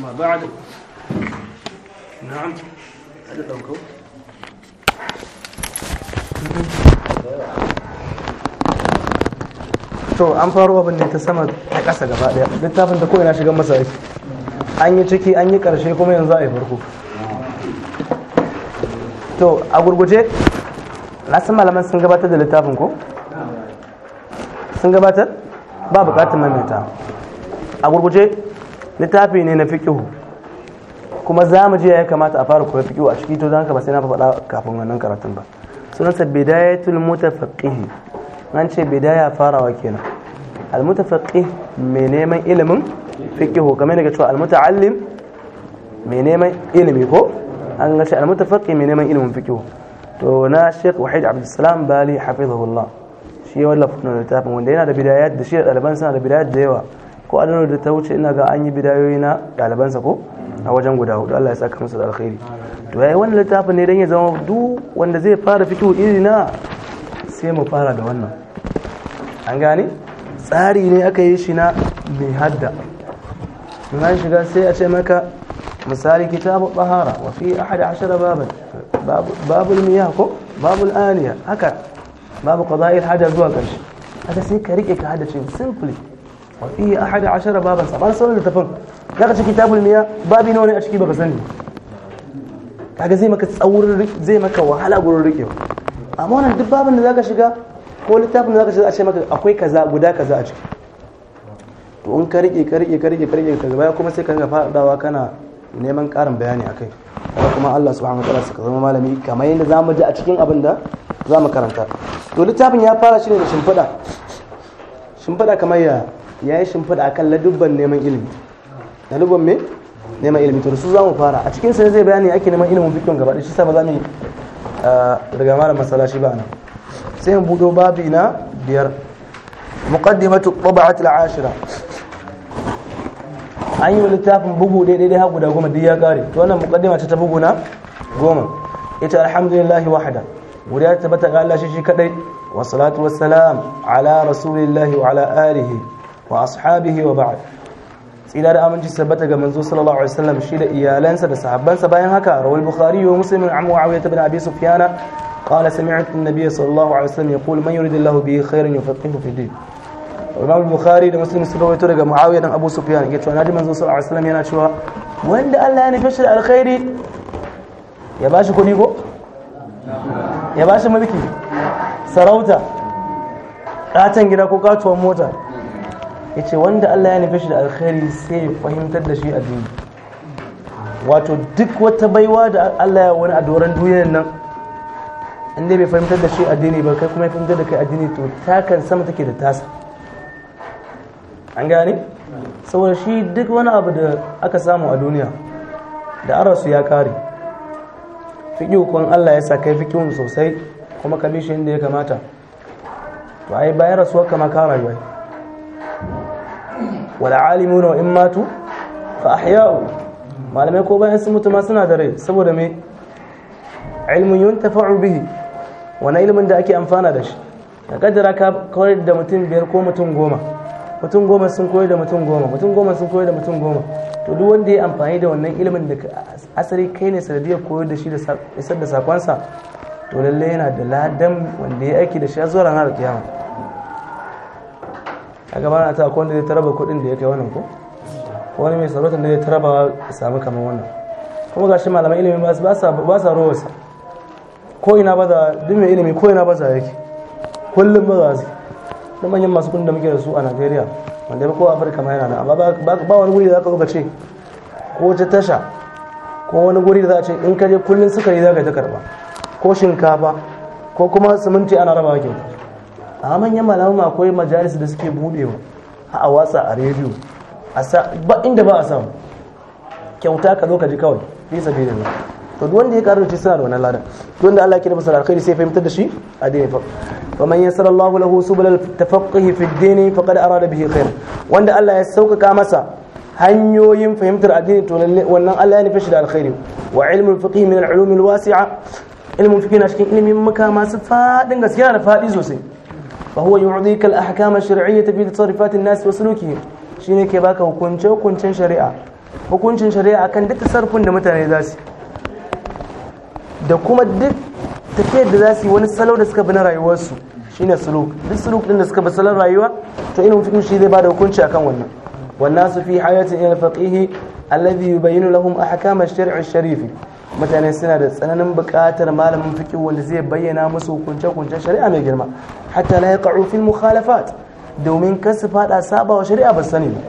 أما بعد نعم هذا الأوكو to an faro abin ne ta sama ta ƙasa gaba ɗaya littafin da ko ina shiga masa aiki an yi ciki an yi ƙarshe kuma yanzu a yi farko to a gurguje na san malaman sun gabatar da littafin ko sun gabatar ba buƙatar maimaita a gurguje littafi ne na fiƙihu kuma za mu je ya kamata a fara koyar fiƙihu a ciki to don haka ba sai na faɗa kafin wannan karatun ba sunansa bidayatul mutafaqqihi an ce bidaya farawa kenan al mutafaqih mai neman ilimin fiƙihu kamar daga cewa al muta'allim mai neman ilimi ko an ga shi al mutafaqih mai neman ilimin fiƙihu to na Sheikh Wahid Abdulsalam Bali hafizahullah shi ya wallafa littafin wanda yana da bidayat da shi da ɗaliban suna da bidayat da yawa ko adanar da ta wuce ina ga an yi bidayoyi na ɗalibansa ko a wajen guda hudu Allah ya saka musu da alkhairi to yayi wannan littafin ne dan ya zama du wanda zai fara fito iri na sai mu fara da wannan an gane tsari ne aka yi shi na mai hadda in an shiga sai a ce maka misali kitabu bahara wa fi ahad ashara baban babu miyah ko babu aniya haka babu qada'il hada zuwa karshe haka sai ka rike ka hada shi simply wafi a hada ashara baban sabar sauran littafin za ka ci kitabul miya babi nawa ne a ciki baka kaga zai maka tsaurin zai maka wahala gurin rikewa amma wannan duk babin da za ka shiga ko littafin da za ka shiga a ce maka akwai kaza guda kaza a ciki to in ka rike ka rike ka rike ka rike kuma sai ka ga fadawa kana neman karin bayani akai kuma Allah subhanahu wataala suka zama malami kamar yadda zamu ji a cikin abin da zamu karanta to littafin ya fara shi ne da shimfiɗa shimfiɗa kamar ya ya yi shimfiɗa akan ladubban neman ilimi ladubban me neman ilimi to su za mu fara a cikin sai zai bayani ake neman ilimin fikihun gaba da shi sa ba za mu yi eh, daga malam shi ba nan sai mu buɗo babi na biyar muqaddimatu tabaat al-ashira an yi littafin bugu daidai dai har guda goma duk ya kare to wannan muqaddima ta bugu na goma ita alhamdulillah wahda guda ta tabbata ga Allah shi shi kadai wa salatu wassalam ala rasulillahi wa ala alihi wa ashabihi wa ba'd tsira da aminci sabbata ga manzo sallallahu alaihi wasallam shi da iyalansa da sahabbansa bayan haka rawal bukhari wa muslim an muawiya ibn abi sufyan qala sami'tu an-nabiy sallallahu alaihi wasallam yaqul man yuridillahu bihi khairan yufaqihu fi din rawal Bukhari da Muslim sun rawaito daga Muawiya dan Abu Sufyan yace wa nadi manzo sallallahu alaihi wasallam yana cewa wanda Allah ya nufi alkhairi ya bashi kudi ko ya bashi mulki sarauta katan gida ko katuwar mota ya ce wanda Allah ya nufi shi da alkhairi sai ya fahimtar da shi addini wato duk wata baiwa da Allah ya wani a doron duniyar nan inda bai fahimtar da shi addini ba kai kuma ya fahimtar da kai addini to takan sama take da tasa an gane saboda shi duk wani abu da aka samu a duniya da arasu ya kare fiƙi hukun Allah ya sa kai fiƙi sosai kuma ka bi shi inda ya kamata to ai bayan rasuwar kama ka rayuwa Wala alimuna wa in matu fa ahya'u malamai ko bayan sun mutu ma suna da rai saboda me ilmun yuntafa'u bihi wani ilimin da ake amfana da shi ka kaddara ka koyar da mutum biyar ko mutum goma mutum goma sun koyar da mutum goma mutum goma sun koyar da mutum goma to duk wanda ya amfani da wannan ilimin da asali kai ne sanadiyar koyar da shi da isar da sakonsa to lalle yana da ladan wanda ya aiki da shi zuwa ranar kiyama a gaba na ta kwanda zai taraba kudin da ya kai wannan ko wani mai sarautar da zai taraba samu kamar wannan kuma ga shi malaman ilimi ba sa rowarsa ko ina ba za duk mai ilimi ko ina ba za yake kullum ba za su da manyan masu kudin da muke da su a nigeria wanda ya ko afirka ma yana nan amma ba wani guri da za ka zo ce ko wata tasha ko wani guri da za a ce in ka je kullum yi za ka ta karba ko shinkafa ko kuma siminti ana rabawa kyauta a manyan malaman akwai majalis da suke budewa a watsa a rediyo ba inda ba a samu kyauta ka zo ka ji kawai fi sabi da to duwan wanda ya karu ci suna da wannan ladan don da Allah ya kira masa alkhairi sai fahimtar da shi dini fa wa man yassara Allahu lahu subul tafaqquh fi ad da faqad arada bihi khair wanda Allah ya sauƙaƙa masa hanyoyin fahimtar addini to wannan Allah ya nufi shi da alkhairi wa ilmul fiqh min al-ulum al-wasi'a ilmul fiqh na cikin ilimin makama su fadin gaskiya da fadi sosai فهو يعطيك الأحكام الشرعية في تصرفات الناس وسلوكهم shine ke baka hukunce hukuncin shari'a hukuncin shari'a kan duk sarfin da mutane za da kuma duk tafiyar da za yi wani salo da suka bi na rayuwarsu shine suluk duk suluk din da suka bi salon rayuwa to ina hukuncin shi zai bada hukunci akan wannan wannan su fi hayatin ila faqihi alladhi yubayyinu lahum ahkam ash-shar'i ash-sharifi mutane suna da tsananin buƙatar malamin fiqh wanda zai bayyana musu hukunce hukunce shari'a mai girma hatta la yaqa'u fil mukhalafat domin kar su fada saba wa shari'a ba sani ba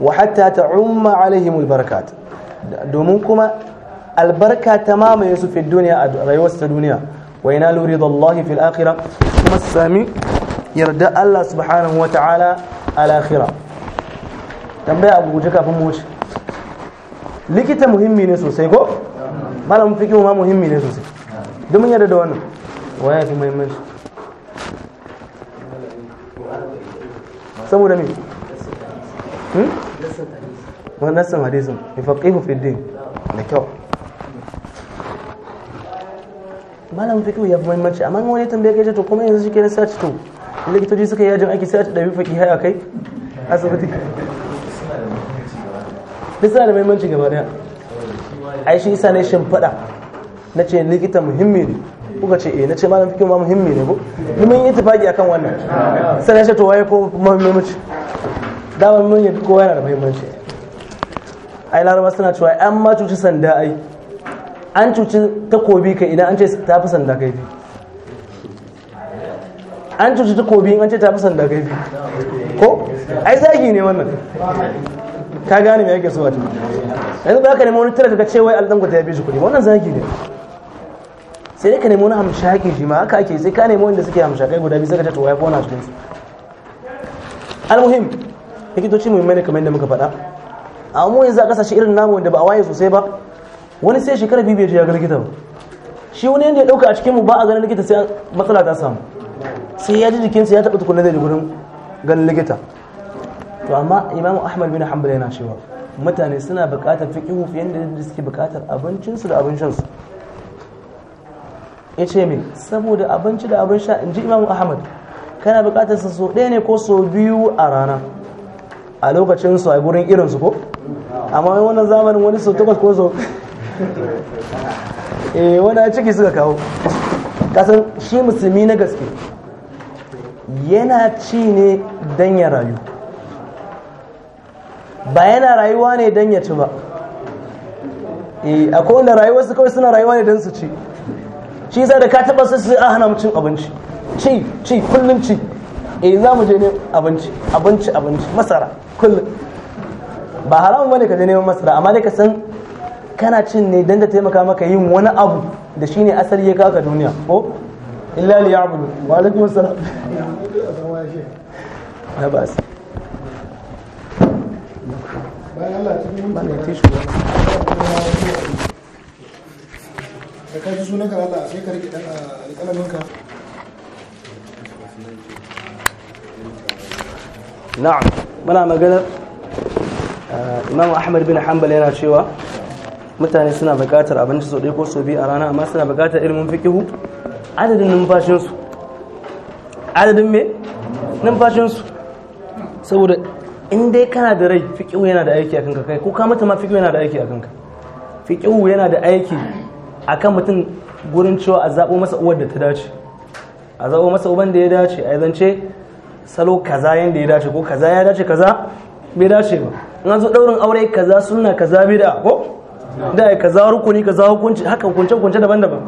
wa hatta ta'umma alaihim albarakat domin kuma albarka ta mamaye su fi duniya a rayuwar ta duniya wa yanalu ridallahi fil akhirah kuma sami yarda Allah subhanahu wa ta'ala al tambaya abu guje kafin mu wuce likita muhimmi ne sosai ko malam fikihu ma muhimmi ne sosai duk mun yarda da wannan waya fi muhimmanci saboda me hmm? nassan hadisin ifaqihu fi din da kyau malamin fikihu ya fi muhimmanci amma wani tambaye kai to kuma yanzu shi ke na sace to likitoci suka yi yajin aiki sai a ɗabi faƙi haya kai asibiti duk suna da muhimmanci gaba daya ai shi isa ne fada. na ce likita muhimmi ne kuka ce eh na ce malam fikin ma muhimmi ne ko ni mun yi tafaki akan wannan sai na ce to waye ko muhimmanci dama mun yi kowa yana da muhimmanci ai laraba suna cewa an ma cuci sanda ai an cuci takobi kai idan an ce ta fi sanda kai an cuci takobi an ce ta fi sanda kai ko ai zagi ne wannan ka gane me yake so wato yanzu ba ka nemi wani tura ka cewa wai ku ta yabe shi kuɗi wannan zagi ne sai dai ka nemi wani hamshaki shi ma haka ake sai ka nemi wanda suke hamshakai guda biyu sai ka ce ko wai kona cikin su almuhim likitoci muhimmai ne kamar yadda muka faɗa a mu yanzu a kasashe irin namu wanda ba a waye sosai ba wani sai shekara biyu bai je ya ga likita ba shi wani yadda ya dauka a cikin mu ba a ganin likita sai matsala ta samu sai ya ji jikinsa ya taɓa tukunan zai gurin ganin likita to amma imamu ahmad bin hanbal yana cewa mutane suna buƙatar fiqihu fiye da suke buƙatar abincinsu da abin ya ce min saboda abinci da abin sha in ji imamu ahmad kana bukatar su so ɗaya ne ko so biyu a rana a lokacin su a gurin irin su ko amma wani wannan zamanin wani so takwas ko so eh wani a ciki suka kawo kasan shi musulmi na gaske yana ci ne don ya rayu ba yana rayuwa ne don ya ci ba e, a kowane rayuwa su kawai suna rayuwa ne don su ci shi za da ka taba su su hana mu cin abinci ci ci kullum ci e za mu je ne abinci abinci abinci masara kullum ba haramun ne ka je neman masara amma dai ka san kana cin ne don da taimaka maka yin wani abu da shine asali ya kaka duniya ko illa liya'budu wa alaikum assalam na ba bayan Allah cikin magana Imam Ahmad bin Hanbal yana cewa mutane suna bukatar abinci sau ɗaya ko sau biyu a rana amma suna bukatar ilimin fikihu adadin numfashinsu adadin me numfashinsu saboda in dai kana da rai fiƙi yana da aiki a kanka kai ko ka mata ma fiƙi yana da aiki a kanka fiƙi yana da aiki a kan mutum gurin cewa a zaɓo masa uwar da ta dace a zaɓo masa uban da ya dace a zance salo kaza yanda ya dace ko kaza ya dace kaza bai dace ba in an zo ɗaurin aure kaza suna kaza da ko da ya kaza rukuni kaza hukunci haka hukunce hukunce daban-daban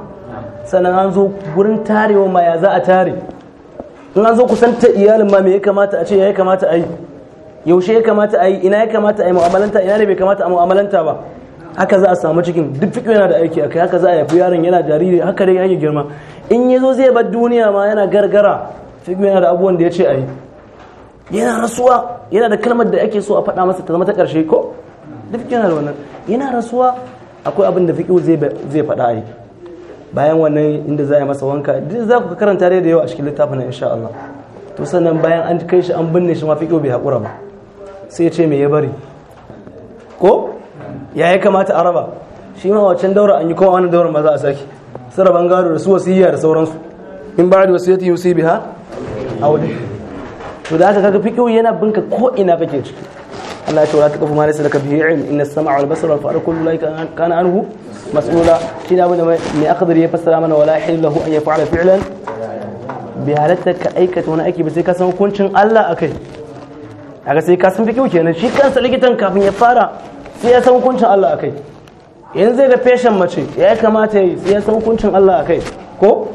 sannan an zo gurin tarewa ma ya za a tare in an zo kusanta iyalin ma me ya kamata a ce ya kamata a yi yaushe ya kamata a yi ina ya kamata a yi mu'amalanta ina ne bai kamata a mu'amalanta ba haka za a samu cikin duk fiƙo yana da aiki a kai. haka za a yafi yaron yana jariri haka dai yake girma in ya zo zai bar duniya ma yana gargara fiƙo yana da abubuwan da ya ce a yi yana rasuwa yana da kalmar da ake so a faɗa masa ta zama ta ƙarshe ko duk yana da wannan yana rasuwa akwai abin da fiƙo zai faɗa a yi bayan wannan inda za a yi masa wanka duk za ku karanta da yawa a cikin littafin insha Allah to sannan bayan an kai shi an binne shi ma fiƙo bai haƙura ba sai ce me ya bari ko ya ya kamata a raba shi ma wancan daura an yi kuma wani daura ma za a sake su raban gado da su wasiyya da sauransu in ba da wasiyyati yusi biha aure to da aka kaga kyau yana binka ko ina kake ciki Allah ya taurata kafu ma laysa laka bihi ilm inna as-sam'a wal basara wal fu'ada kullu laika kana anhu mas'ula shi da abin da mai akhdari ya fassara mana wala hilahu an yaf'ala fi'lan bi halatta ka aikata wani aiki ba sai ka san hukuncin Allah akai kaga sai ka san kyau kenan shi kansa likitan kafin ya fara sai ya san hukuncin Allah akai yanzu zai da fashion mace ya kamata yi sai ya san hukuncin Allah akai ko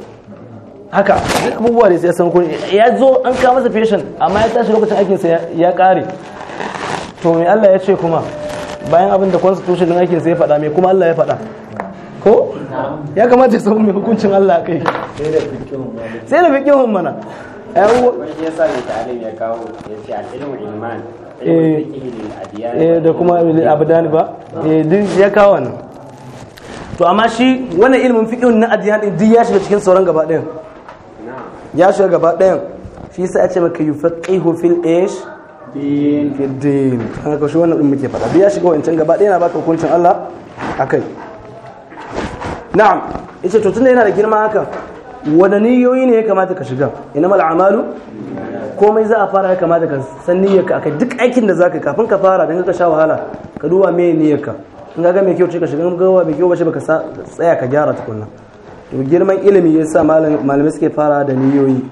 haka duk abubuwa ne sai ya san hukuncin ya zo an kama masa fashion amma ya tashi lokacin aikinsa ya kare to me Allah ya ce kuma bayan abin da constitution din aikin ya faɗa me kuma Allah ya faɗa ko ya kamata ya san me hukuncin Allah akai sai da fikihun mana Eh, eh, da kuma abudan ba ah. eh, duk ya kawo nan to amma shi wannan ilimin fiƙin na adiyan din duk ya shiga cikin sauran gaba ɗayan ya shiga gaba ɗayan shi sai a ce maka yi faƙihu fil ish fil din haka shi wannan ɗin muke faɗa duk ya shiga wancan gaba ɗaya na baka hukuncin Allah a kai. na'am ita to tunda yana da girma haka wada niyoyi ne ya kamata ka shiga inama al'amalu komai za a fara ya kamata ka san niyyarka akai duk aikin da zaka kafin ka fara dan ka sha wahala ka duba me niyyarka in ga mai kyau ce ka shiga ga wa me kyau ba ce baka tsaya ka gyara tukunna to girman ilimi yasa malamai suke fara da niyoyi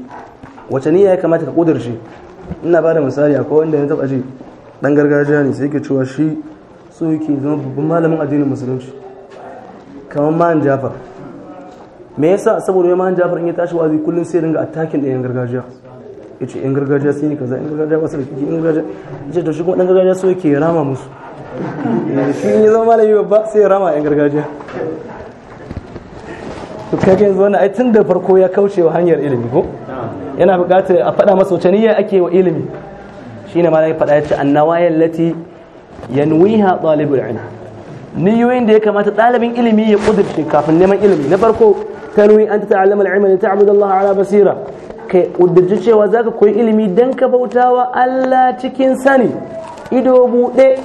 wace niyya ya kamata ka shi. ina bada da misali akwai wanda ya taba ce dan gargajiya ne sai yake cewa shi so yake zama babban malamin addinin musulunci kamar ma'an jafar me yasa saboda mai Jafar in ya tashi wazi kullum sai ringa attacking ɗayan gargajiya yace yan gargajiya sun yi kaza yan gargajiya wasu da kiki yan gargajiya yace to shi kuma dan gargajiya so yake rama musu shi in ya zama malami babba sai ya rama yan gargajiya to kage yanzu wannan ai tun da farko ya kauce wa hanyar ilimi ko yana buƙatar a faɗa masa wace niyya ake wa ilimi shine malami faɗa yace annawayal lati yanwiha talibul ilm niyoyin da ya kamata ɗalibin ilimi ya ƙudurce kafin neman ilimi na farko tanwi an ta'allama al-ilma ta abudu Allah ala basira kai ƙudurce cewa zaka koyi ilimi dan ka bautawa Allah cikin sani ido buɗe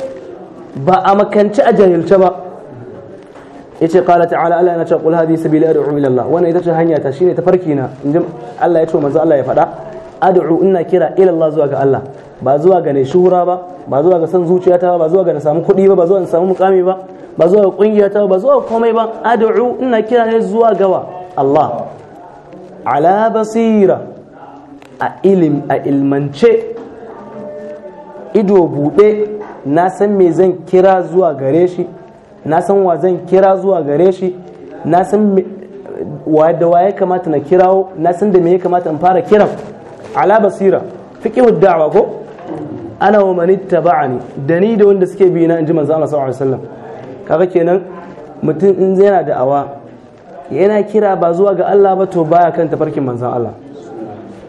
ba a makanci a jahilce ba yace qala ta'ala Allah yana cewa qul hadhihi sabili ad'u ila Allah wannan ita ce hanya ta shine tafarki na ji Allah ya ce manzo Allah ya faɗa ad'u ina kira ila Allah zuwa ga Allah ba zuwa ga ne shuhura ba ba zuwa ga san zuciyata ba ba zuwa ga na samu kuɗi ba ba zuwa na samu mukami ba ba zuwa kungiyata ba zuwa komai ba ad'u ina kira ne zuwa gawa Allah ala basira a ilim a ilmance ido bude na san me zan kira zuwa gare shi na san wa zan kira zuwa gare shi na san da waye kamata na kirawo na san da me ya kamata in fara kiran ala basira fiqhu da'wa ko ana wa manittaba'ani dani da ni da wanda suke bi na inji manzo Allah sallallahu alaihi wasallam kaga kenan mutum in yana da'awa yana kira ba zuwa ga Allah ba to baya kan tafarkin manzan Allah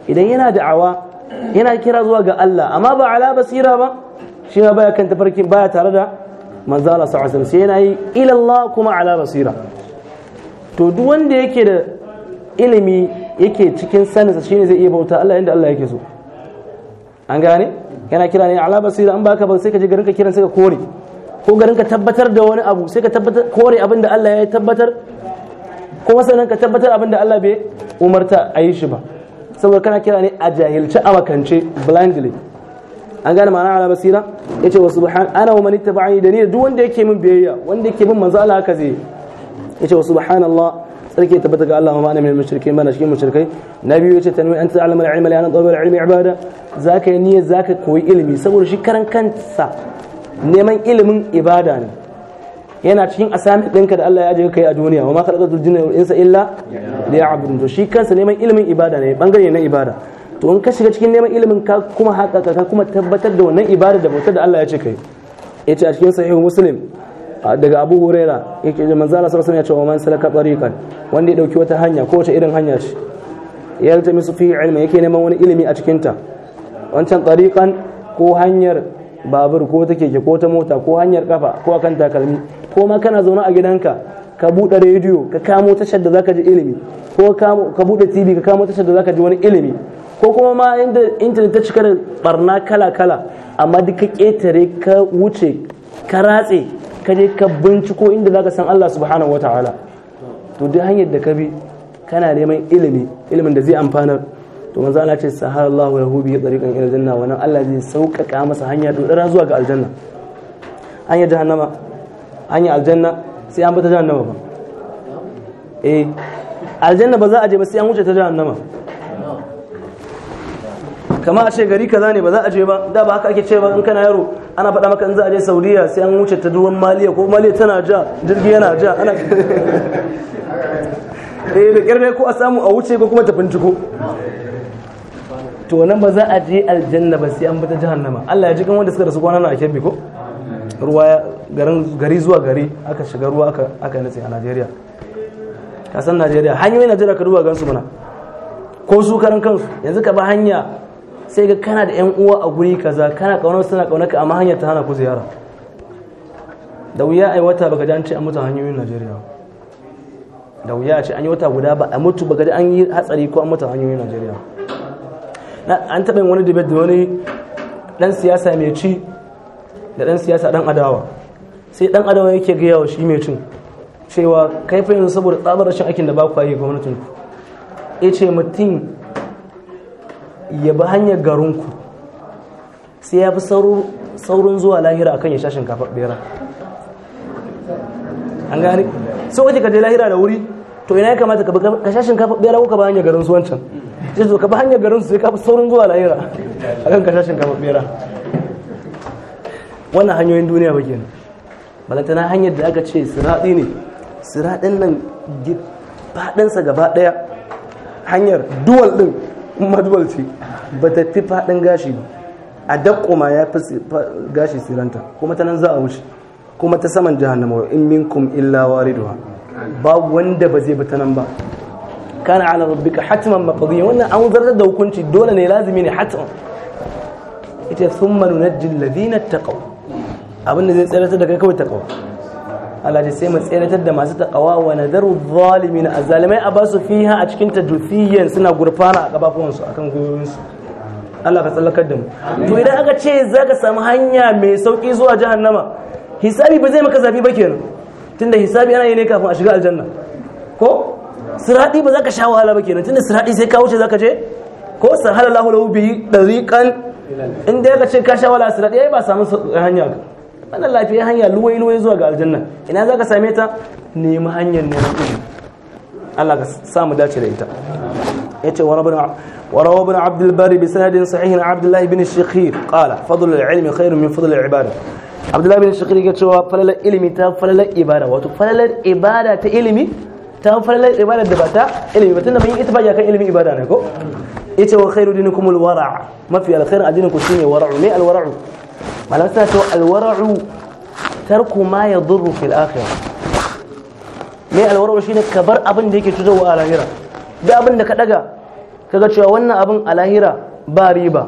idan yana da'awa yana kira zuwa ga Allah amma ba ala basira ba shi ma baya kan tafarkin baya tare da manzon Allah sallallahu alaihi sai yana yi ila Allah kuma ala basira to duk wanda yake da ilimi yake cikin sa shine zai iya bauta Allah inda Allah yake so an gane yana kira ne ala basira an baka ba sai ka ji garin ka kiran sai ka kore ko garin ka tabbatar da wani abu sai ka tabbatar kore abin da Allah ya tabbatar kuma sanan ka tabbatar abin da Allah bai umarta a yi shi ba saboda kana kira ne a jahilci a makance blindly an gane ma'ana ala basira ce wa subhan ana wa man ittaba'ani da ni da duk wanda yake min biyayya wanda yake min manzo Allah haka zai ya yace wa Allah sarki tabbata ga Allah ma ana min mushrikai mana cikin mushrikai na biyu yace tanwi anta ta'lamu al-ilma li anna talab al-ilmi ibada zaka yi niyyar zaka koyi ilimi saboda shi karan kansa neman ilimin ibada ne yana cikin assignment ɗinka da Allah ya ajiye kai a duniya wa ma khalaqatul jinna wal insa illa liya'budun to shi kansa neman ilimin ibada ne bangare na ibada to in ka shiga cikin neman ilimin ka kuma haƙaƙa ka kuma tabbatar da wannan ibada da bautar da Allah ya ce kai yace a cikin sahihu muslim daga Abu Huraira yake da manzo Allah sallallahu alaihi wasallam ya ce wa man salaka tariqan wanda ya dauki wata hanya ko wace irin hanya ce yaltamisu fi ilmi yake neman wani ilimi a cikin ta wancan tariqan ko hanyar babur ko ta keke ko ta mota ko hanyar kafa ko akan takalmi ko ma kana zaune a gidanka ka buɗe rediyo ka kamo tashar da zaka ji ilimi ko ka buɗe tv ka kamo tashar da zaka ji wani ilimi ko kuma ma inda intanet ta cika da barna kala kala amma duk ka ƙetare ka wuce ka ratse ka je ka binciko inda zaka san Allah subhanahu wataala to duk hanyar da ka bi kana neman ilimi ilimin da zai amfanar to manzo Allah ce sahara Allah wa yahubi tariqan ila janna wannan Allah zai sauƙaƙa masa hanya dodara zuwa ga aljanna hanya jahannama hanya aljanna sai an bata jahannama ba eh aljanna ba za a je ba sai an wuce ta jahannama kama a ce gari kaza ne ba za a je ba da ba haka ake ce ba in kana yaro ana faɗa maka in za a je saudiya sai an wuce ta duwan maliya ko maliya tana ja jirgi yana ja ana eh da ko a samu a wuce ko kuma ta binciko to nan ba za a je aljanna ba sai an bata jahannama Allah ya ji kan wanda suka rasu kwana na a kebbi ko ruwa garin gari zuwa gari aka shiga ruwa aka aka nace a Najeriya ka san Najeriya hanyoyin Najeriya ka duba gansu mana ko su karan kansu yanzu ka ba hanya sai ga kana da yan uwa a guri kaza kana kauna suna kauna ka amma hanya ta hana ku ziyara da wuya ai wata baka ji an ce an mutu hanyoyin Najeriya da wuya a ce an yi wata guda ba a mutu baka ji an yi hatsari ko an mutu hanyoyin Najeriya an taɓa yin wani debate da wani ɗan siyasa mai ci da ɗan siyasa ɗan adawa sai ɗan adawa yake gaya wa shi mai cin cewa kai fa yanzu saboda tsabar rashin aikin da ba ku yi gwamnatin ku ya ce mutum ya bi hanyar garinku sai ya fi saurin zuwa lahira akan ya sha shinkafa bera an gane so kake ka je lahira da wuri to ina ya kamata ka sha shinkafa bera ko ka bi hanyar garin su wancan sai zo ka bi hanyar garin su sai ka fi saurin zuwa lahira a kan kashashin kama bera wannan hanyoyin duniya ba kenan balantana hanyar da aka ce siraɗi ne siraɗin nan faɗinsa gaba ɗaya hanyar duwal ɗin kuma duwal ce ba ta fi faɗin gashi a dakko ma ya fi gashi siranta kuma ta nan za a wuce kuma ta saman jahannama in minkum illa wariduha ba wanda ba zai bi ta nan ba kana ala rabbika hatman maqdiya wannan an zartar da hukunci dole ne lazimi ne hatman ita thumma nunajji alladhina taqaw abinda zai tsaratar da kai kawai taqaw Allah ya sai mu tsaratar da masu taqawa wa nadaru zalimin azalimai a basu fiha a cikin tajufiyan suna gurfana a gabafuwansu akan su. Allah ka tsallakar da mu to idan aka ce zaka samu hanya mai sauki zuwa jahannama hisabi ba zai maka zafi ba kenan tunda hisabi ana yi ne kafin a shiga aljanna ko siradi ba za ka sha wahala ba kenan tunda siradi sai ka wuce za ka je ko san halallahu lahu bi dariqan inda ya ce ka sha wahala siradi ai ba samu eh, hanya ka wannan lafiya hanya luwai luwai zuwa ga aljanna ina za ka same ta nemi hanyar neman ilimi Allah ka sa mu dace da ita yace wa rabbana وروى ابن عبد البر بسند صحيح عن عبد الله بن الشخير قال فضل العلم خير من فضل العباده عبد الله بن الشخير يقول فلل العلم تا فلل العباده وتو falal ibada ta ilmi ta falalar ibada da ba ta ilimi ba tunda mun yi ittifaqi akan ilimin ibada ne ko yace wa khairu dinikum alwara' mafi alkhairin addinin ku shine wara'u me alwara'u malam suna cewa alwara'u tarku ma yadurru fil akhirah me alwara'u shine ka bar abin da yake cutarwa a lahira da abin da ka daga kaga cewa wannan abin a lahira ba riba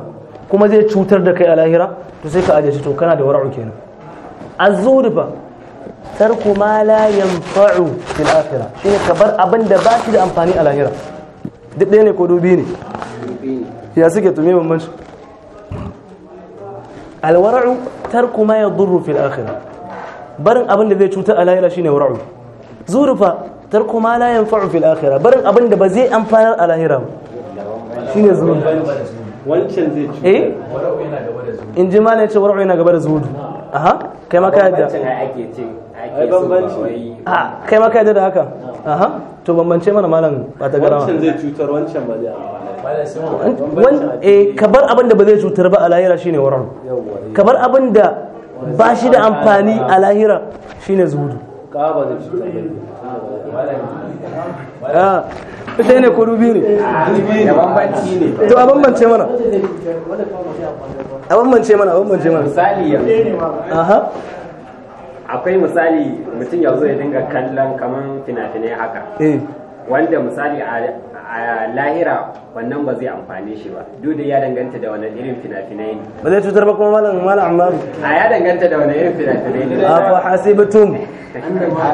kuma zai cutar da kai a lahira to sai ka ajiye shi to kana da wara'u kenan azzuhud fa tarku ma la yanfa'u fil akhirah shine ka bar abin da ba shi da amfani a lahira duk ɗaya ne ko dubi ne ya suke tume al alwara'u tarku ma yadurru fil akhirah barin abin da zai cutar a lahira shine wara'u zurufa tarku ma la yanfa'u fil akhirah barin abin da ba zai amfanar a lahira ba shine zurufa wancan zai cutar wara'u yana gaba da zuwa in ji malai ce wara'u yana gaba da zuwa aha kai maka ka yadda ah, kai yadda da haka aha to bambance mana malam ba ta garawa wancan zai cutar wancan ba zai eh, ka bar abin da ba zai cutar ba a lahira shi warar ka bar abin da ba shi da amfani a lahira ne zuhudu ita ne ko dubi ne to a bambance mana a bambance mana a bambance mana misali yanzu akwai misali mutum yanzu ya dinga kallon kaman fina-finai haka eh. wanda misali a lahira wannan ba zai amfane shi ba duk da ya danganta da wani irin fina-finai ne ba zai cutar ba kuma malam malam ba a ya danganta da wani irin fina-finai ne A afa hasibtum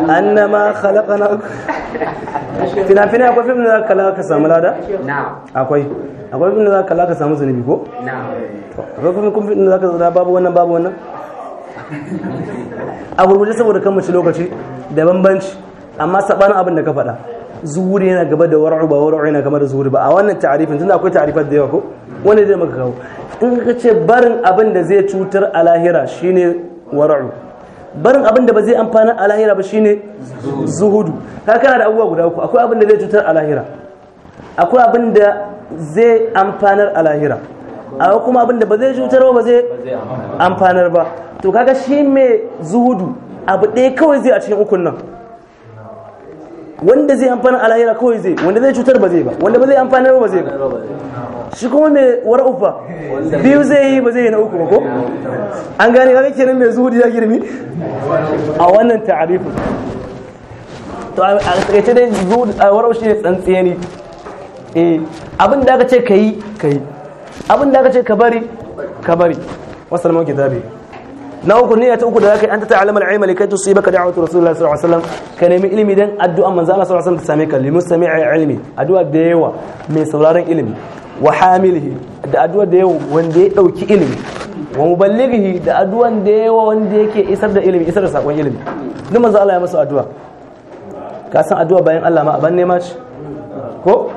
annama khalaqana fina-finai akwai fim da za ka ka samu lada Na. akwai akwai fim da za ka ka samu zunubi ko na akwai fim da za ka zauna babu wannan babu wannan a gurguje saboda kan mace lokaci da bambanci amma sabanin abin da ka faɗa zuhuri yana gaba da war'u ba war'u yana gaba da zuhuri ba a wannan ta'arifin tunda akwai ta'arifar da yawa ko wanda zai maka kawo in ka ce barin abin da zai cutar a lahira shine war'u barin abin da ba zai amfana a lahira ba shine zuhudu ka kana da abubuwa guda uku akwai abin da zai cutar a lahira akwai abin da zai amfanar a lahira akwai kuma abin da ba zai cutar ba zai amfanar ba to kaga shi mai zuhudu abu ɗaya kawai zai a cikin ukun nan wanda zai amfana a lahira kawai zai wanda zai cutar ba zai ba wanda ba zai amfana ba zai ba shi kuma mai wara ufa biyu zai yi ba zai yi na uku ba ko an gane kaga kenan mai zuhudi ya girmi a wannan ta'arifu to a takaice dai zuhudi a wara shi ne tsantsiyani eh abin da aka ce ka yi ka yi abin da aka ce ka bari ka bari wasu kitabi na uku niyya ta uku da zaka yi an ta ta'allama al-ilma likai tusibaka da'watu rasulullahi sallallahu alaihi wasallam ka nemi ilimi dan addu'a manzo Allah sallallahu alaihi wasallam ta same ka limu ilmi addu'a da yawa mai sauraron ilimi wa hamilihi da addu'a da yawa wanda ya dauki ilimi wa muballighihi da addu'a da yawa wanda yake isar da ilimi isar da sakon ilimi duk manzo Allah ya masa addu'a ka san addu'a bayan Allah ma ban nema ce ko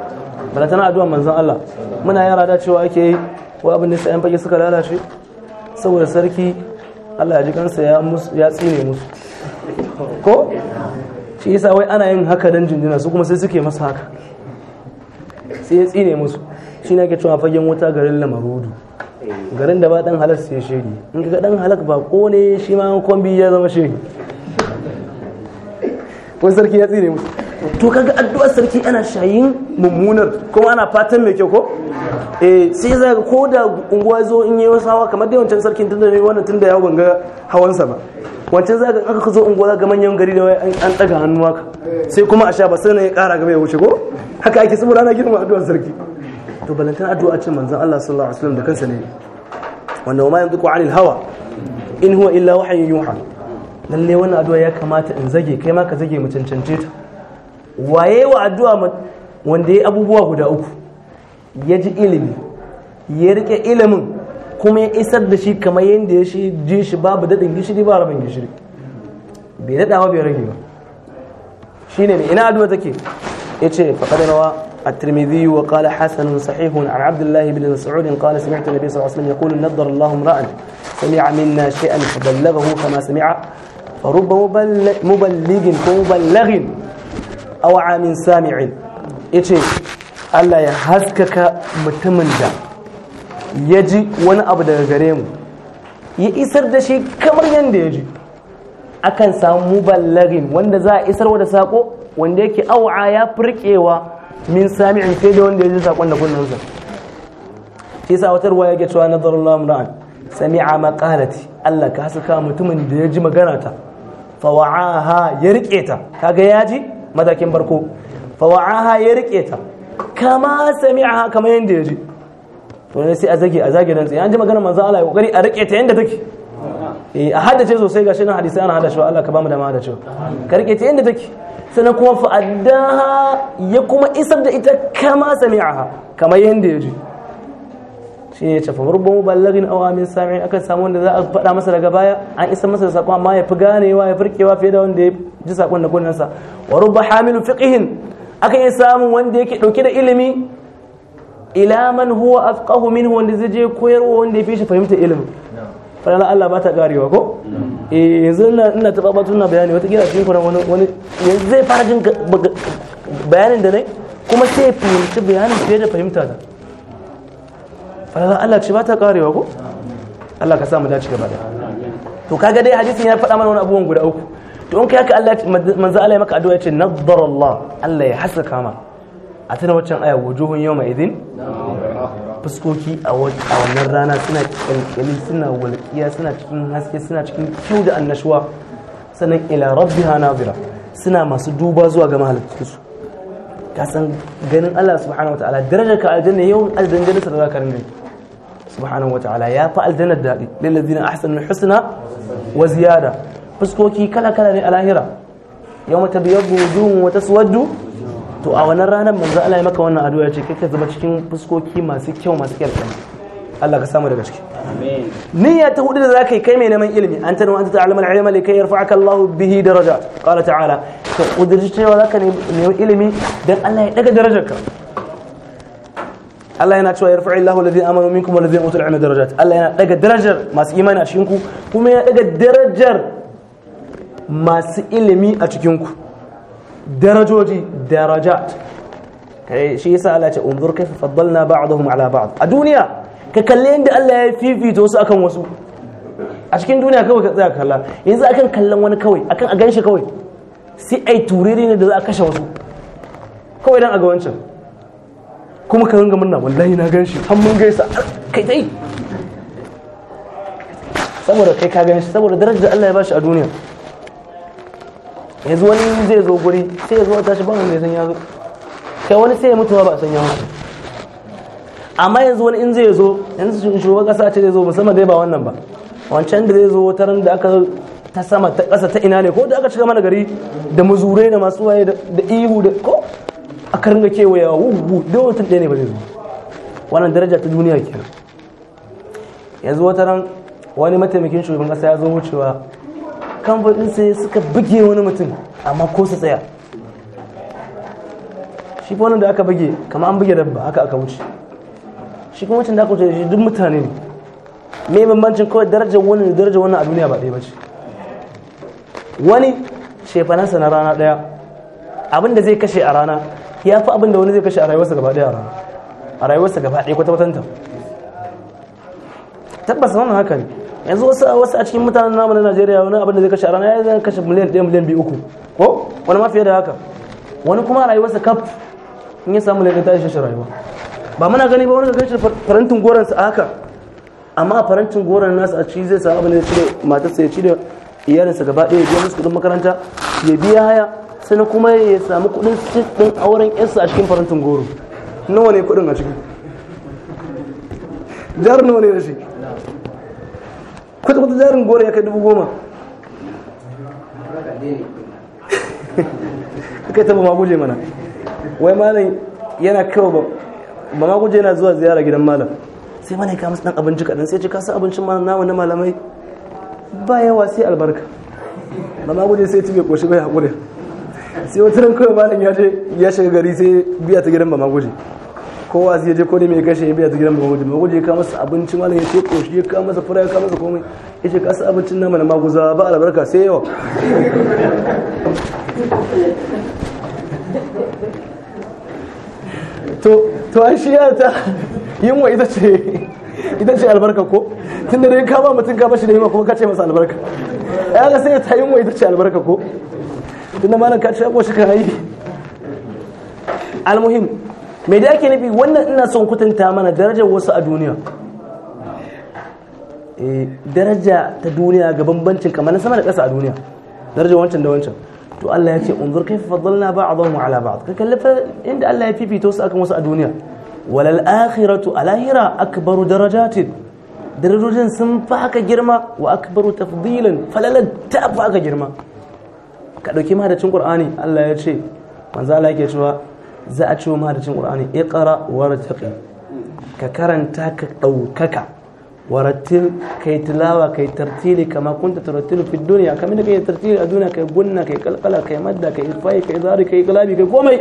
bala tana addu'a manzo Allah muna yara da cewa ake yi ko abin da sai an fage suka lalace saboda sarki Allah ya ji kansa ya tsine musu ko shi yasa wai ana yin haka dan jinjina su kuma sai suke masa haka sai ya tsine musu shi ne ake cewa fagen wuta garin lamarudu garin da ba dan halak sai shiri in ga dan halak ba ko ne shi ma kwambi ya zama shiri ko sarki ya tsine musu to kaga addu'ar sarki ana shayin mummunar kuma ana fatan mai kyau ko eh sai za ga ko da unguwa zo in yi wasu hawa kamar dai wancan sarkin tunda ne wannan tunda ya ganga sa ba wancan za ga aka zo unguwa ga manyan gari da an daga hannu haka sai kuma a sha ba sai ya kara ga ya wuce ko haka ake saboda ana girma addu'ar sarki to balantan addu'a ce manzon Allah sallallahu alaihi wasallam da kansa ne wanda ma yanzu ku anil hawa in huwa illa wahyu yuha lalle wannan addu'a ya kamata in zage kai ma ka zage mu cancance ta waye wa addu'a wanda ya abubuwa guda uku ya ji ilimi ya rike ilimin kuma ya isar da shi kamar yadda ya ji shi babu daɗin gishiri ba rabin gishiri bai daɗa ba bai rage ba shi ne ina addu'a take yace ce faɗa rawa a tirmidhi wa kala hasan sahihun an abdullahi bin sa'udin kala sami'atu nabi sallallahu alaihi wasallam yaqulu nadhara allahum ra'an sami'a minna shay'an fadallaghu kama sami'a فرب مبلغ مبلغ awa amin sami'in yace Allah ya haskaka mutumin da ya ji wani abu daga gare mu ya isar da shi kamar yadda ya ji akan samu ballarin wanda za a isar wa da sako wanda yake au'a ya firkewa min sami'in sai da wanda ya ji sakon da kunnansa shi sa wata ruwa yake cewa nazar Allah mura'an sami'a maqalati Allah ka haskaka mutumin da ya ji magana ta fawa'aha ya rike ta kaga ya ji madakin barko fawa'aha ya rike ta kama sami'aha kama yadda yaji to ne sai a zage a zage dan tsaye an ji magana manzo Allah ya kokari a rike ta yadda take eh a haddace sosai gashi nan hadisi ana haddace Allah ka ba mu da ma cewa ka rike ta yadda take sannan kuma fa'addaha ya kuma isar da ita kama sami'aha kama yadda yaji shi ne tafa rubban muballagin aw amin sami akan samu wanda za a faɗa masa daga baya an isa masa da amma ya fi ganewa ya firkewa fiye da wanda ya ji sakon da kunnansa wa rubba hamilu fiqihin akan iya samun wanda yake dauke da ilimi ila man huwa afqahu minhu wanda zai je koyarwa wanda ya fi shi fahimta ilimi fara Allah ba ta karewa ko eh yanzu ina ina taba batun bayani wata kira cikin kuran wani wani yanzu zai fara jin bayanin da nai kuma sai fahimci bayanin fiye da fahimta ta falalan Allah ce ba ta karewa ko Allah ka sa mu dace gaba da to kaga dai hadisin ya faɗa mana wani abubuwan guda uku to in kai haka Allah manzo Allah ya maka addu'a ya ce nadhara Allah Allah ya hasaka ma a tana waccan aya wujuhun yawma idin fuskoki a wannan rana suna kyalkyali suna walƙiya suna cikin haske suna cikin kyau da annashuwa sannan ila rabbiha nazira suna masu duba zuwa ga mahalicinsu ka san ganin Allah subhanahu wataala darajar ka aljanna yawan aljanna ganin sa da zaka subhanahu wataala ya fi aljannar daɗi lillazina ahsanul husna wa ziyada fuskoki kala kala ne a lahira yawma biyar wujuhum wa taswaddu to a wannan ranar manzo Allah maka wannan addu'a ya ce kai zama cikin fuskoki masu kyau masu kyau Allah ka samu daga ciki amin niyya ta hudu da zaka yi kai mai neman ilimi an tanu anta ta'lamu al-ilma likay yarfa'aka Allah bihi daraja qala ta'ala ka kudirce cewa zaka nemi ilimi dan Allah ya daga darajarka Allah yana cewa yarfa'u Allahu alladhina amanu minkum wal ladzina utul ilma darajat Allah yana daga darajar masu imani a cikin ku kuma yana daga darajar masu ilimi a cikin ku darajoji darajat kai shi yasa Allah ya ce unzur kayfa faddalna ba'dahum ala ba'd a duniya ka kalle inda Allah ya fifita su akan wasu a cikin duniya kawai ka tsaya kalla yanzu akan kallon wani kawai akan a ganshi kawai sai ai turiri ne da za a kashe wasu kawai dan a ga wancan kuma ka ringa muna wallahi na gan shi an mun gaisa kai yi. saboda kai ka gan shi saboda darajar Allah ya bashi a duniya yanzu wani zai zo guri sai ya zo tashi ba ya san ya zo kai wani sai ya mutu ba a san ya mutu amma yanzu wani in zai zo yanzu shugaban kasa ce zai zo musamman dai ba wannan ba wancan da zai zo ran da aka ta sama ta ƙasa ta ina ne ko da aka shiga mana gari da muzurai da masu waye da ihu da ko aka ringa kewaya wuhu da mutum ɗaya ne ba zai zo wannan daraja ta duniya ke yanzu wata ran wani mataimakin shugaban kasa ya zo wucewa kamfanin sai suka buge wani mutum amma ko su tsaya shi fa wannan da aka buge kama an buge dabba haka aka wuce shi kuma wancan da aka wuce shi duk mutane ne me bambancin kawai darajar wani da darajar wannan a duniya ba ɗaya ba ce wani shefanansa na rana ɗaya abin da zai kashe a rana ya fi abin da wani zai kashe a rayuwarsa gaba ɗaya a rayuwarsa gaba ɗaya kwata kwatanta tabbas wani haka ne yanzu wasu a cikin mutanen namu na Najeriya wani abin da zai kashe a rana ya zai kashe miliyan ɗaya miliyan biyu uku ko wani ma fiye da haka wani kuma a rayuwarsa kaf in ya samu laifin ta shi rayuwa ba muna gani ba wani zai kashe farantin goransa a haka amma a farantin goran nasu a ci zai samu abin da ya cire matarsa ya cire iyalinsa gaba ɗaya ya biya musu kuɗin makaranta ya biya haya sai kuma ya samu kudin din auren yarsa a cikin farantin goro nawa ne kudin a ciki jar nawa ne da shi kwata-kwata jarin goro ya kai dubu goma kai taba maguje mana wai malam yana kawo ba ba maguje yana zuwa ziyara gidan malam sai mana ya kama dan abinci kaɗan sai ce kasa abincin malam nawa na malamai ba yawa sai albarka ba maguje sai ci bai koshi bai haƙuri sai wata ran kawai malam ya je ya shiga gari sai biya ta gidan mama guje kowa sai je ko ne mai kashe ya biya ta gidan mama guje mama guje ya kama masa abinci malam ya ce koshi ya kama masa fura ya kama masa komai ya ce kasa abincin nama na maguza ba albarka sai yawa to to an shi ta yunwa ita ce ita ce albarka ko tun da dai ka ba mutum ka bashi da yunwa kuma ka ce masa albarka ya ga sai ta wa ita ce albarka ko tunda malam ka ci ko shi kan aiki almuhim me da yake nabi wannan ina son kutunta mana darajar wasu a duniya eh, daraja ta duniya ga bambancin kamar na sama da ƙasa a duniya darajar wancan da wancan to Allah ya ce unzur kayfa faddalna ba'dahum ala ba'd ka kalli inda Allah ya fifito su akan wasu a duniya walal akhiratu alahira akbaru darajatin darajojin sun fa haka girma wa akbaru tafdilan falalan ta fa haka girma ka dauki mahadacin qur'ani Allah ya ce manzo Allah yake cewa za a ce mahadacin qur'ani iqra wartaqi ka karanta ka daukaka warattil kai tilawa kai tartili kama kunta tartilu fi dunya kamar da kai tartili a duniya kai gunna kai kalkala kai madda kai ifai kai zari kai galabi kai komai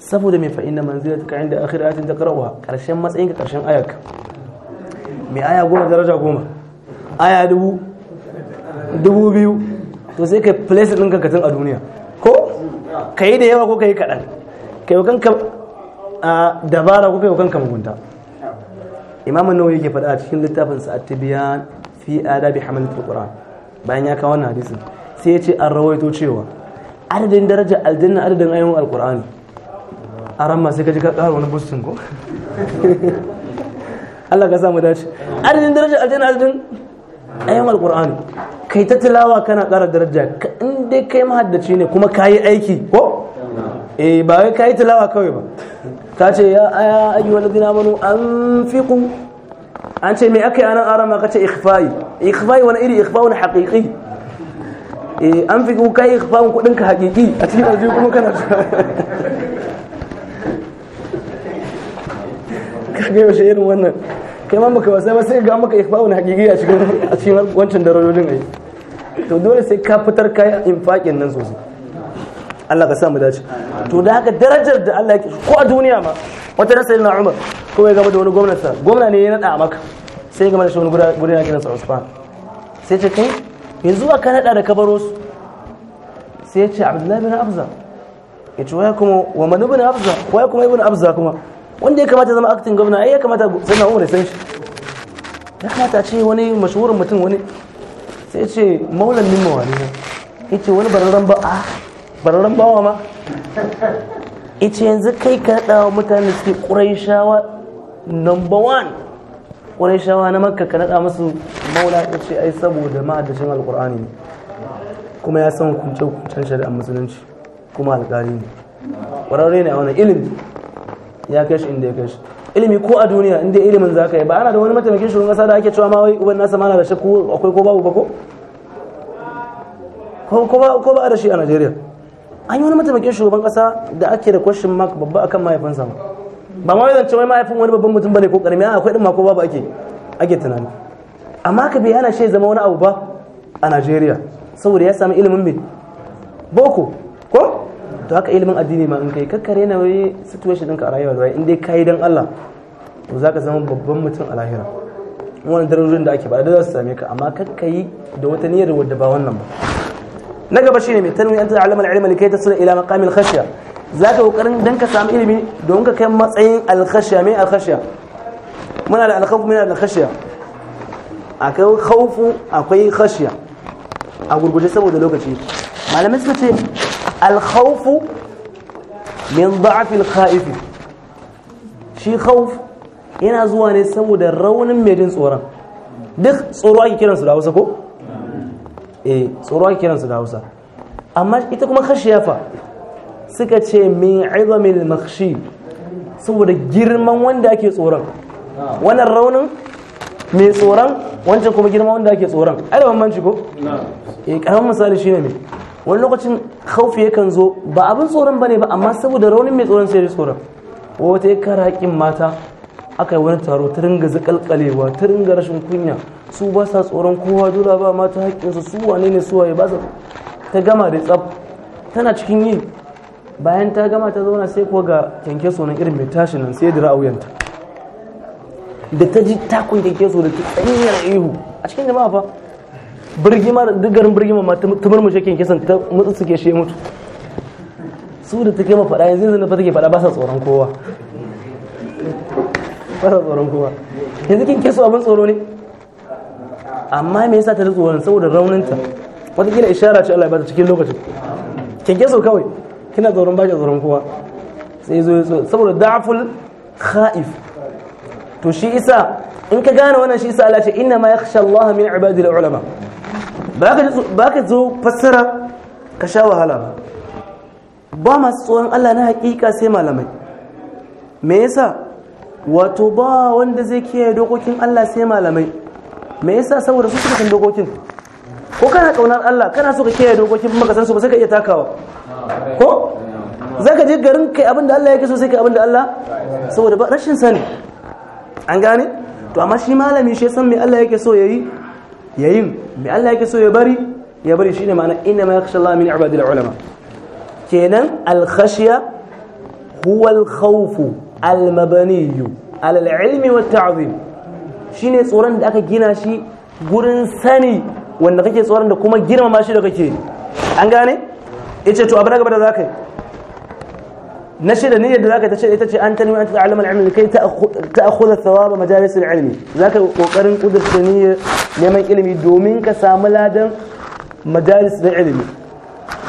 saboda mai fa'in da manzila ta inda akhir ayatin ta karawa karshen matsayinka karshen ayak mai aya goma daraja goma aya dubu dubu biyu to sai ka place din kanka tun a duniya ko kai da yawa ko kai kaɗan kai wa kanka dabara ko kai wa kanka mugunta imamu nawa yake faɗa a cikin littafin sa at-tibyan fi adabi hamalatul alquran bayan ya kawo wannan hadisin sai ya ce an rawaito cewa adadin daraja aljanna adadin ayoyin alqur'ani aran ma sai ka ji ka ƙara wani boosting ko Allah ka samu dace adadin daraja aljanna adadin ayoyin alqur'ani kai ta tilawa kana ƙara daraja ka inda kai mahaddaci ne kuma ka yi aiki ko eh ba wai ka yi tilawa kawai ba ta ce ya aya ayi wani dina manu an fi ku an ce mai aka yi anan arama ka ce ikhfayi ikhfayi wani iri ikhfa wani haƙiƙi eh an fi ku ka yi ikhfa wani kuɗinka haƙiƙi a cikin aljihu kuma kana ka ga yaushe irin wannan kai ma baka wasa ba sai ga maka ikhfaun haqiqi a cikin a cikin wancan darodin ai to dole sai ka fitar kai infakin nan sosai Allah ka sa mu dace to da haka darajar da Allah yake ko a duniya ma wata na sayyidina Umar ko ya gaba da wani gwamnati sa gwamna ne ya nada maka sai ya gama da shi wani gurin ya kiransa Usman sai ce kai yanzu aka nada da ka baro su sai ya ce Abdullahi bin Abza ya ce waya kuma wa man ibn Abza waya kuma ibn Abza kuma wanda ya kamata zama acting gwamna ai ya kamata sai na umar san shi ya kamata ce wani mashahurin mutum wani sai ce maulan min mawali Ya yace wani bararren ba a ah, bararren bawa ma yace yanzu kai ka mutane wa mutane suke quraishawa number one quraishawa na makka ka nada musu maula yace ai saboda ma da shin alqur'ani kuma ya san kunce kuncen shari'ar musulunci kuma alƙali ne kwararre ne a wani ilimi ya kashi inda ya kashi ilimi ko a duniya inda ilimin za ka yi ba ana da wani mataimakin shugaban kasa da ake cewa ma wai uban nasa mana da shakku akwai ko babu ba ko ko ba a da shi a najeriya an yi wani mataimakin shugaban kasa da ake da question mark babba akan mahaifinsa ma ba ma zance wai mahaifin wani babban mutum bane ko karami akwai din ma ko babu ake ake tunani amma ka bai ana shi zama wani abu ba a najeriya saboda ya sami ilimin mai boko ko to haka ilimin addini ma in kai kakkare na wani situation ɗinka a rayuwa da in dai kayi don Allah to za ka zama babban mutum a lahira wani darurin da ake ba da za su same ka amma kakkayi da wata niyyar wadda ba wannan ba na gaba shine mai tanwi an ta'allama al kai ta tasila ila maqamil khashya ka kokarin dan ka samu ilimi don ka kai matsayin al-khashya mai al-khashya muna da al-khawf muna da khashya akwai khawfu akwai khashya a gurguje saboda lokaci malamai suka ce alkhawfu min da'afil khaifi shi khawf yana zuwa ne saboda raunin mai jin tsoron duk tsoro ake kiransu da hausa ko eh tsoro ake kiransu da hausa amma ita kuma khashiya fa suka ce min izamil makhshi saboda girman wanda ake tsoron wannan raunin mai tsoron wancan kuma girman wanda ake tsoron ai da bambanci ko eh karamin misali shine me wani lokacin haufi yakan zo ba abin tsoron ba ne ba amma saboda raunin mai tsoron sai tsoron wata ya kara haƙƙin mata aka yi wani taro ta ringa zaƙalƙalewa ta ringa rashin kunya su ba sa tsoron kowa dole ba mata haƙinsu su wane ne su waye ba ta gama da tsaf tana cikin yi bayan ta gama ta zauna sai kuwa ga kyankyaso sonan irin mai tashi nan sai dira wuyanta da ta ji takon kyankyaso da ta tsanyar ihu a cikin jama'a fa birgima duk garin birgima ma tumar mu shekin kisan ta mutsu suke shi mutu su da take ma faɗa yanzu yanzu na fa take faɗa ba sa tsoron kowa ba sa tsoron kowa yanzu kin kisu abin tsoro ne amma me yasa ta da tsoron saboda rauninta wataƙila ishara ce Allah ya bata cikin lokacin kin kisu kawai kina tsoron ba ki tsoron kowa sai zo saboda da'ful kha'if to shi isa in ka gane wannan shi isa Allah ce inna ma yakhsha Allah min ibadil ulama ba ka zo fassara ka sha wahala ba masu tsohon Allah na hakika sai malamai me yasa wato ba wanda zai kiyaye dokokin Allah sai malamai me yasa saboda su cikin dokokin ko kana kaunar Allah kana so ka kiyaye dokokin ka san su ba sai ka iya takawa ko zaka je garin kai abin da Allah yake so sai kai abin da Allah saboda ba rashin sani an gane to amma shi malami shi san me Allah yake so yayi yayin me Allah yake so ya bari ya bari shine ma'ana inna ma yakhsha Allah min ibadil ulama kenan al khashiya huwa al khawf al mabani ala al ilmi wat ta'zim shine tsoron da aka gina shi gurin sani wanda kake tsoron da kuma girmama shi da kake an gane yace to abin gaba da zaka na shida niyyar da zaka tace ita ce an tanwi an ta'allama al-ilmi kai ta ta'khudha thawaba majalis al-ilmi zaka kokarin kudurta niyyar neman ilimi domin ka samu ladan majalis na ilimi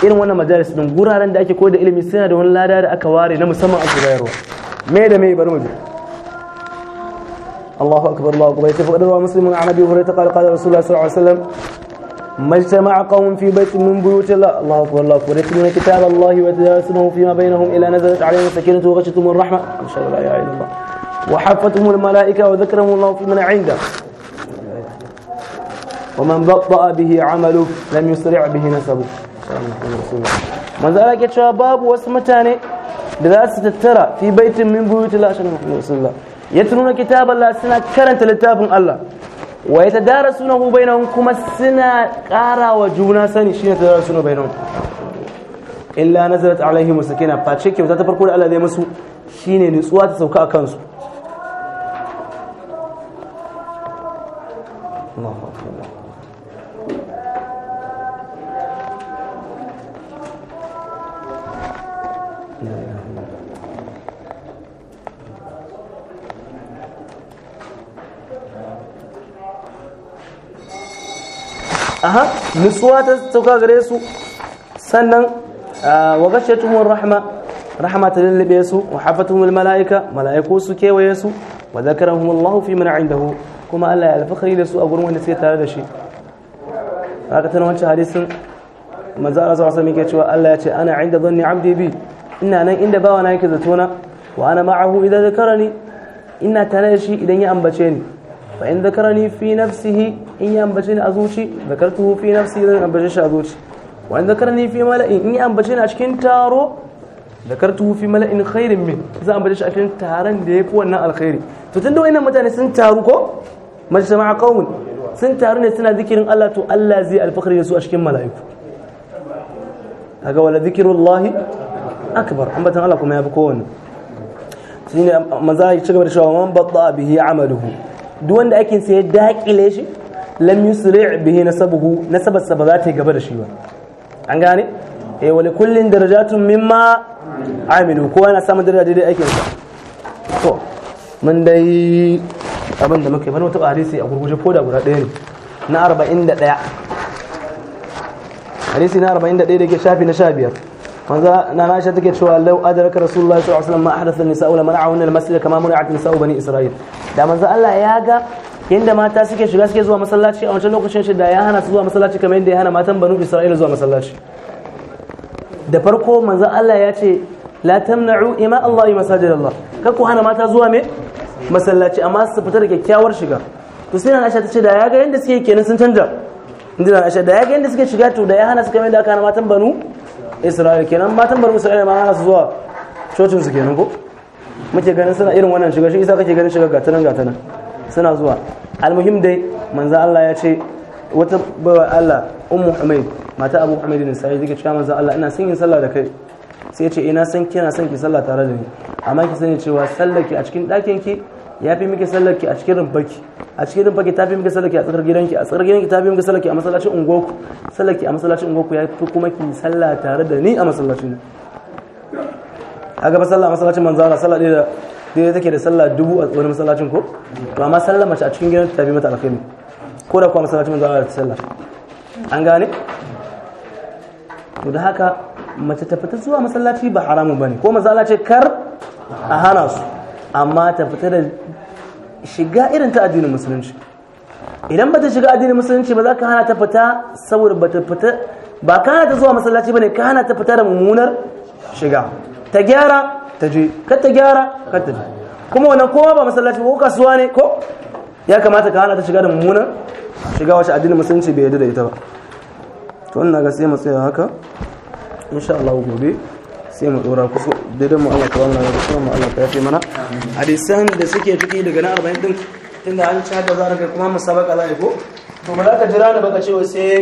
irin wannan majalis din guraren da ake koyar da ilimi suna da wani lada da aka ware na musamman ake bayarwa me da me bari mu bi Allahu akbar Allahu akbar sai fadar wa muslimin annabi hurairah qala qala rasulullah sallallahu alaihi wasallam مجتمع قوم في بيت من بيوت الله الله اكبر الله اكبر يتلون كتاب الله ويتدارسونه فيما بينهم الا نزلت عليهم السكينه وغشتهم الرحمه ان شاء الله لا اله الا الله وحفتهم الملائكه وذكرهم الله في من عنده ومن بطأ به عمله لم يسرع به nasabu. manzo Allah ke cewa babu wasu mutane da za su tattara fi baitin min buyutil ashar Muhammad ya tununa kitab Allah suna karanta littafin Allah wa ya tadara suna hu bainahum kuma suna ƙara juna sani shine tadara suna bainahum illa nazalat alaihim musakina face kyauta ta farko da Allah zai musu shine nutsuwa ta sauka a kansu aha nutsuwa ta sauka gare su sannan ah, wa gashatuhum rahma rahma ta lullube su wa hafatuhum malaika malaiku su kewaye su wa zakarahum Allah fi man indahu kuma Allah ya alfakhari da su a gurin wanda suke tare da shi haka tana wancan hadisin manzo Allah sallallahu alaihi wasallam cewa Allah ya ce ana inda dhanni abdi bi ina nan inda bawa na yake zatona wa ana ma'ahu idan zakarani ina tare da shi idan ya ambace ni fa in dhakarani fi nafsihi in ya ambace ni a zuci dhakartuhu fi nafsi zan ambace shi a zuci wa in dhakarani fi mala'in in ya ambace ni a cikin taro dhakartuhu fi mala'in khairin min zan ambace shi a taron da yafi wannan alkhairi to tunda wayannan mutane sun taru ko majtama'a qaumun sun taru ne suna zikirin Allah to Allah zai alfakhari da su a cikin mala'iku kaga Allah kuma kowanne shine maza ya ci gaba da bihi amaluhu duk wanda ake sai ya dakile shi lam yusri bihi nasabuhu nasabarsa ba za ta yi gaba da shi ba an gane eh wali kullin darajatun mimma amilu ko yana samun daraja daidai ake sa to mun dai abin da muke bani wata hadisi a gurguje ko da guda ɗaya ne na 41 hadisi na 41 da ke shafi na 15 maza na na take cewa lau adraka rasulullahi sallallahu alaihi wasallam ma ahdatha an-nisa la mana'ahunna al-masjid kama mana'at nisa bani isra'il da manzo Allah ya ga yanda mata suke shiga suke zuwa masallaci a wancan lokacin shi da ya hana su zuwa masallaci kamar yanda ya hana matan banu isra'ila zuwa masallaci da farko manzo Allah ya ce la tamna'u ima Allah masajid Allah kar ku hana mata zuwa me masallaci amma su fita da kyakkyawar shiga to sai na Aisha ta ce da ya ga yanda suke kenan sun canja inda na Aisha da ya ga yanda suke shiga to da ya hana su kamar yanda aka hana matan banu isra'ila kenan matan bar isra'ila ma ana zuwa cocin su kenan ko muke ganin suna irin wannan shiga shi isa kake ganin shiga gata nan gata nan suna zuwa almuhim dai manzo Allah ya ce wata bawa Allah ummu humaid mata abu humaid ne sai take cewa manzo Allah ina son yin sallah da kai sai ya ce ina son kina son ki sallah tare da ni amma ki sani cewa sallaki a cikin dakin ki ya fi miki sallarki a cikin rumfaki a cikin rumfaki ta fi muke sallarki a tsakar gidanki a tsakar gidanki ta fi muke sallarki a masallacin ungoku sallarki a masallacin ungoku ya fi kuma ki salla tare da ni a masallacin a gaba sallah a masallacin manzara sallah ɗaya da daidai take da sallah dubu a wani masallacin ko to amma sallah mace a cikin gidan ta fi mata alkhairi ko da kuwa masallacin manzara ta sallah an gane to da haka mace ta fita zuwa masallaci ba haramun bane ko masallaci kar a hana su amma ta fita da shiga irin ta addinin musulunci idan bata shiga addinin musulunci ba za ka hana ta fita saboda bata fita ba ka hana ta zuwa masallaci bane ka hana ta fita da mummunar shiga ta gyara ta je kan ta gyara kan ta je kuma wannan kowa ba masallaci ko kasuwa ne ko ya kamata ka hana ta shiga da mummunar shiga wacce addinin musulunci bai yarda da ita ba to ina ga sai mu tsaya haka insha Allah gobe sai mu dora kusa daidai mu Allah ka wannan da kuma Allah ka yafe mana hadisan da suke ciki daga na 40 din inda an ci hada za ka kuma musabaka za ko to ba za ka jira da baka ce sai